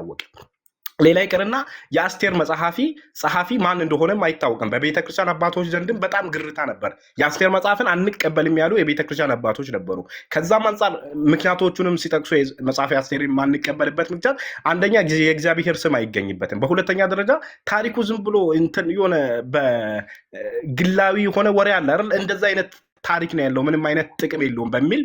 አይታወቅም። ሌላ ይቅርና የአስቴር መጽሐፊ ጸሐፊ ማን እንደሆነም አይታወቅም። በቤተ ክርስቲያን አባቶች ዘንድም በጣም ግርታ ነበር። የአስቴር መጽሐፍን አንቀበልም ያሉ የቤተ ክርስቲያን አባቶች ነበሩ። ከዛም አንጻር ምክንያቶቹንም ሲጠቅሱ መጽሐፍ አስቴር የማንቀበልበት ምክንያት አንደኛ የእግዚአብሔር ስም አይገኝበትም። በሁለተኛ ደረጃ ታሪኩ ዝም ብሎ የሆነ በግላዊ የሆነ ወሬ አለ አይደል? እንደዛ አይነት ታሪክ ነው ያለው፣ ምንም አይነት ጥቅም የለውም በሚል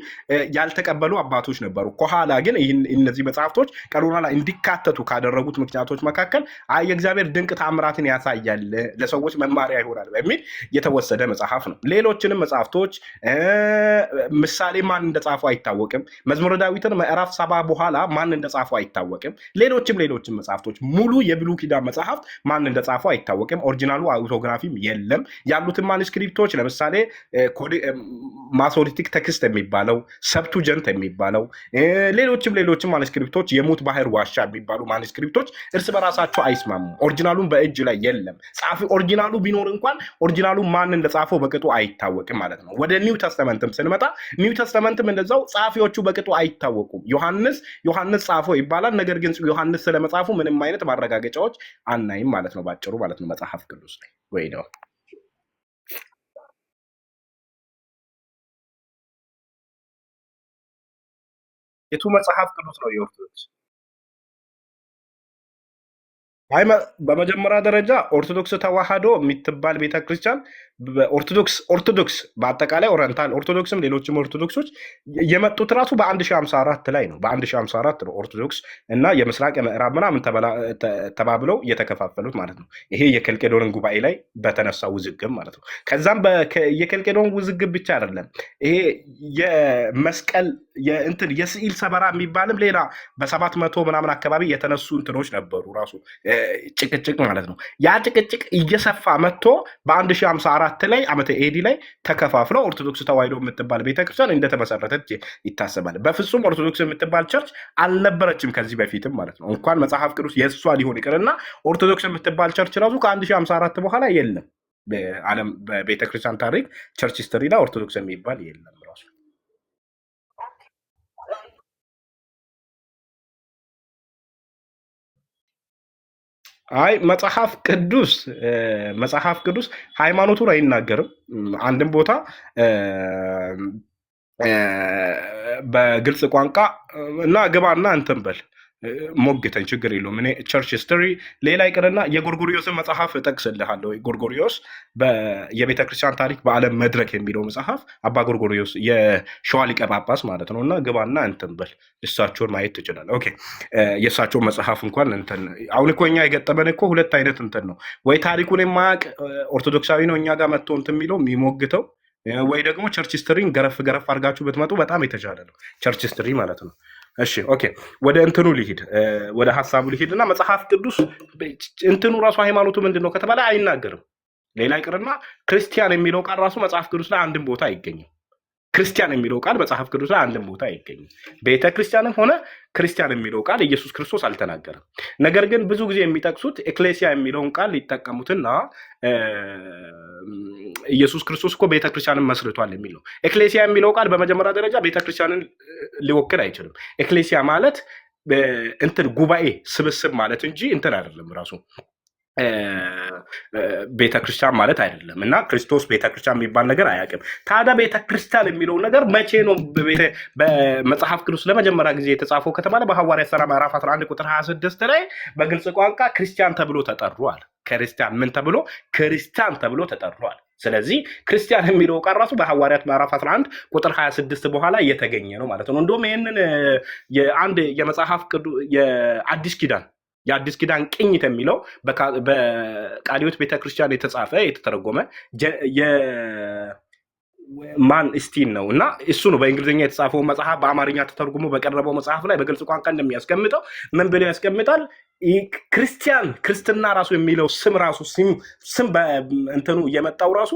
ያልተቀበሉ አባቶች ነበሩ። ከኋላ ግን እነዚህ መጽሐፍቶች ቀሎና ላይ እንዲካተቱ ካደረጉት ምክንያቶች መካከል የእግዚአብሔር ድንቅ ታምራትን ያሳያል፣ ለሰዎች መማሪያ ይሆናል በሚል የተወሰደ መጽሐፍ ነው። ሌሎችንም መጽሐፍቶች ምሳሌ ማን እንደጻፉ አይታወቅም። መዝሙረ ዳዊትን ምዕራፍ ሰባ በኋላ ማን እንደጻፉ አይታወቅም። ሌሎችም ሌሎችም መጽሐፍቶች ሙሉ የብሉ ኪዳን መጽሐፍት ማን እንደጻፉ አይታወቅም። ኦሪጂናሉ አውቶግራፊም የለም። ያሉትን ማንስክሪፕቶች ለምሳሌ ማሶሊቲክ ተክስት የሚባለው ሰብቱጀንት የሚባለው ሌሎችም ሌሎችም ማኒስክሪፕቶች የሙት ባህር ዋሻ የሚባሉ ማኒስክሪፕቶች እርስ በራሳቸው አይስማሙም። ኦሪጂናሉን በእጅ ላይ የለም። ጻፊ ኦሪጂናሉ ቢኖር እንኳን ኦሪጂናሉ ማን እንደጻፈው በቅጡ አይታወቅም ማለት ነው። ወደ ኒው ተስተመንትም ስንመጣ ኒው ተስተመንትም እንደዛው ጸሐፊዎቹ በቅጡ አይታወቁም። ዮሐንስ ዮሐንስ ጻፈው ይባላል። ነገር ግን ዮሐንስ ስለመጻፉ ምንም አይነት ማረጋገጫዎች አናይም ማለት ነው። ባጭሩ ማለት ነው መጽሐፍ ቅዱስ ላይ ወይ ነው የቱ መጽሐፍ ቅዱስ ነው የኦርቶዶክስ? በመጀመሪያ ደረጃ ኦርቶዶክስ ተዋህዶ የሚትባል ቤተክርስቲያን ኦርቶዶክስ ኦርቶዶክስ በአጠቃላይ ኦረንታል ኦርቶዶክስም ሌሎችም ኦርቶዶክሶች የመጡት ራሱ በ1054 ላይ ነው። በ1054 ነው ኦርቶዶክስ እና የምስራቅ የምዕራብ ምናምን ተባብለው እየተከፋፈሉት ማለት ነው። ይሄ የከልቄዶንን ጉባኤ ላይ በተነሳ ውዝግብ ማለት ነው። ከዛም የከልቄዶን ውዝግብ ብቻ አይደለም። ይሄ የመስቀል የእንትን የስዕል ሰበራ የሚባልም ሌላ በሰባት መቶ ምናምን አካባቢ የተነሱ እንትኖች ነበሩ። ራሱ ጭቅጭቅ ማለት ነው። ያ ጭቅጭቅ እየሰፋ መጥቶ በ1054 ሰባት ላይ ዓመተ ኤዲ ላይ ተከፋፍለው ኦርቶዶክስ ተዋሕዶ የምትባል ቤተክርስቲያን እንደተመሰረተች ይታሰባል። በፍጹም ኦርቶዶክስ የምትባል ቸርች አልነበረችም ከዚህ በፊትም ማለት ነው። እንኳን መጽሐፍ ቅዱስ የእሷ ሊሆን ይቅርና ኦርቶዶክስ የምትባል ቸርች ራሱ ከ1054 በኋላ የለም። በዓለም በቤተክርስቲያን ታሪክ ቸርች ስትሪ ላይ ኦርቶዶክስ የሚባል የለም ራሱ አይ መጽሐፍ ቅዱስ መጽሐፍ ቅዱስ ሃይማኖቱን አይናገርም። አንድም ቦታ በግልጽ ቋንቋ እና ግባና እንትን በል ሞግተን ችግር የለውም። እኔ ቸርች ስትሪ ሌላ ይቅርና የጎርጎሪዮስን መጽሐፍ እጠቅስልሃለሁ። ጎርጎሪዮስ የቤተ ክርስቲያን ታሪክ በዓለም መድረክ የሚለው መጽሐፍ አባ ጎርጎሪዮስ የሸዋ ሊቀ ጳጳስ ማለት ነው እና ግባና እንትን በል እሳቸውን ማየት ትችላለህ። ኦኬ የእሳቸውን መጽሐፍ እንኳን እንትን አሁን እኮ እኛ የገጠመን እኮ ሁለት አይነት እንትን ነው ወይ ታሪኩን የማያውቅ ኦርቶዶክሳዊ ነው እኛ ጋር መጥቶ እንትን የሚለው የሚሞግተው ወይ ደግሞ ቸርች ስትሪን ገረፍ ገረፍ አድርጋችሁ ብትመጡ በጣም የተሻለ ነው። ቸርች ስትሪ ማለት ነው እሺ ኦኬ፣ ወደ እንትኑ ሊሂድ ወደ ሀሳቡ ሊሂድ እና መጽሐፍ ቅዱስ እንትኑ ራሱ ሃይማኖቱ ምንድን ነው ከተባለ አይናገርም። ሌላ ይቅርና ክርስቲያን የሚለው ቃል ራሱ መጽሐፍ ቅዱስ ላይ አንድም ቦታ አይገኝም። ክርስቲያን የሚለው ቃል መጽሐፍ ቅዱስ ላይ አንድም ቦታ አይገኝም። ቤተ ክርስቲያንም ሆነ ክርስቲያን የሚለው ቃል ኢየሱስ ክርስቶስ አልተናገረም። ነገር ግን ብዙ ጊዜ የሚጠቅሱት ኤክሌሲያ የሚለውን ቃል ሊጠቀሙትና ኢየሱስ ክርስቶስ እኮ ቤተክርስቲያንን መስርቷል የሚለው ኤክሌሲያ የሚለው ቃል በመጀመሪያ ደረጃ ቤተክርስቲያንን ሊወክል አይችልም። ኤክሌሲያ ማለት እንትን ጉባኤ ስብስብ ማለት እንጂ እንትን አይደለም ራሱ ቤተ ክርስቲያን ማለት አይደለም እና ክርስቶስ ቤተ ክርስቲያን የሚባል ነገር አያውቅም። ታዲያ ቤተ ክርስቲያን የሚለው ነገር መቼ ነው በመጽሐፍ ቅዱስ ለመጀመሪያ ጊዜ የተጻፈው ከተባለ በሐዋርያት ሥራ ምዕራፍ 11 ቁጥር 26 ላይ በግልጽ ቋንቋ ክርስቲያን ተብሎ ተጠሯል። ክርስቲያን ምን ተብሎ ክርስቲያን ተብሎ ተጠሯል። ስለዚህ ክርስቲያን የሚለው ቃል ራሱ በሐዋርያት ምዕራፍ 11 ቁጥር 26 በኋላ እየተገኘ ነው ማለት ነው። እንዲሁም ይህንን አንድ የመጽሐፍ ቅዱስ የአዲስ ኪዳን የአዲስ ኪዳን ቅኝት የሚለው በቃሊዮት ቤተክርስቲያን የተጻፈ የተተረጎመ ማን ስቲን ነው እና እሱ ነው በእንግሊዝኛ የተጻፈው መጽሐፍ በአማርኛ ተተርጉሞ በቀረበው መጽሐፍ ላይ በግልጽ ቋንቋ እንደሚያስቀምጠው ምን ብሎ ያስቀምጣል? ክርስቲያን ክርስትና ራሱ የሚለው ስም ራሱ ስም እንትኑ እየመጣው ራሱ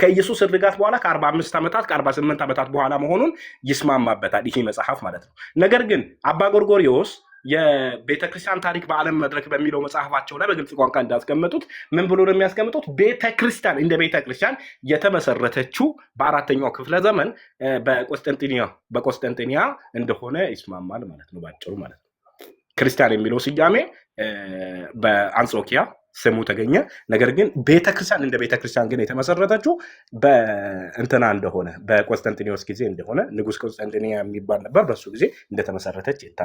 ከኢየሱስ እርጋት በኋላ ከ45 ዓመታት ከ48 ዓመታት በኋላ መሆኑን ይስማማበታል ይሄ መጽሐፍ ማለት ነው። ነገር ግን አባ ጎርጎሪዎስ የቤተክርስቲያን ታሪክ በዓለም መድረክ በሚለው መጽሐፋቸው ላይ በግልጽ ቋንቋ እንዳስቀመጡት ምን ብሎ ነው የሚያስቀምጡት? ቤተክርስቲያን እንደ ቤተ ክርስቲያን የተመሰረተችው በአራተኛው ክፍለ ዘመን በቆስጠንጢኒያ በቆስጠንጢኒያ እንደሆነ ይስማማል ማለት ነው። ባጭሩ ማለት ነው ክርስቲያን የሚለው ስያሜ በአንጾኪያ ስሙ ተገኘ። ነገር ግን ቤተክርስቲያን እንደ ቤተክርስቲያን ግን የተመሰረተችው በእንትና እንደሆነ በቆንስተንቲኒዎስ ጊዜ እንደሆነ ንጉስ ቆንስተንቲኒያ የሚባል ነበር። በሱ ጊዜ እንደተመሰረተች ይታ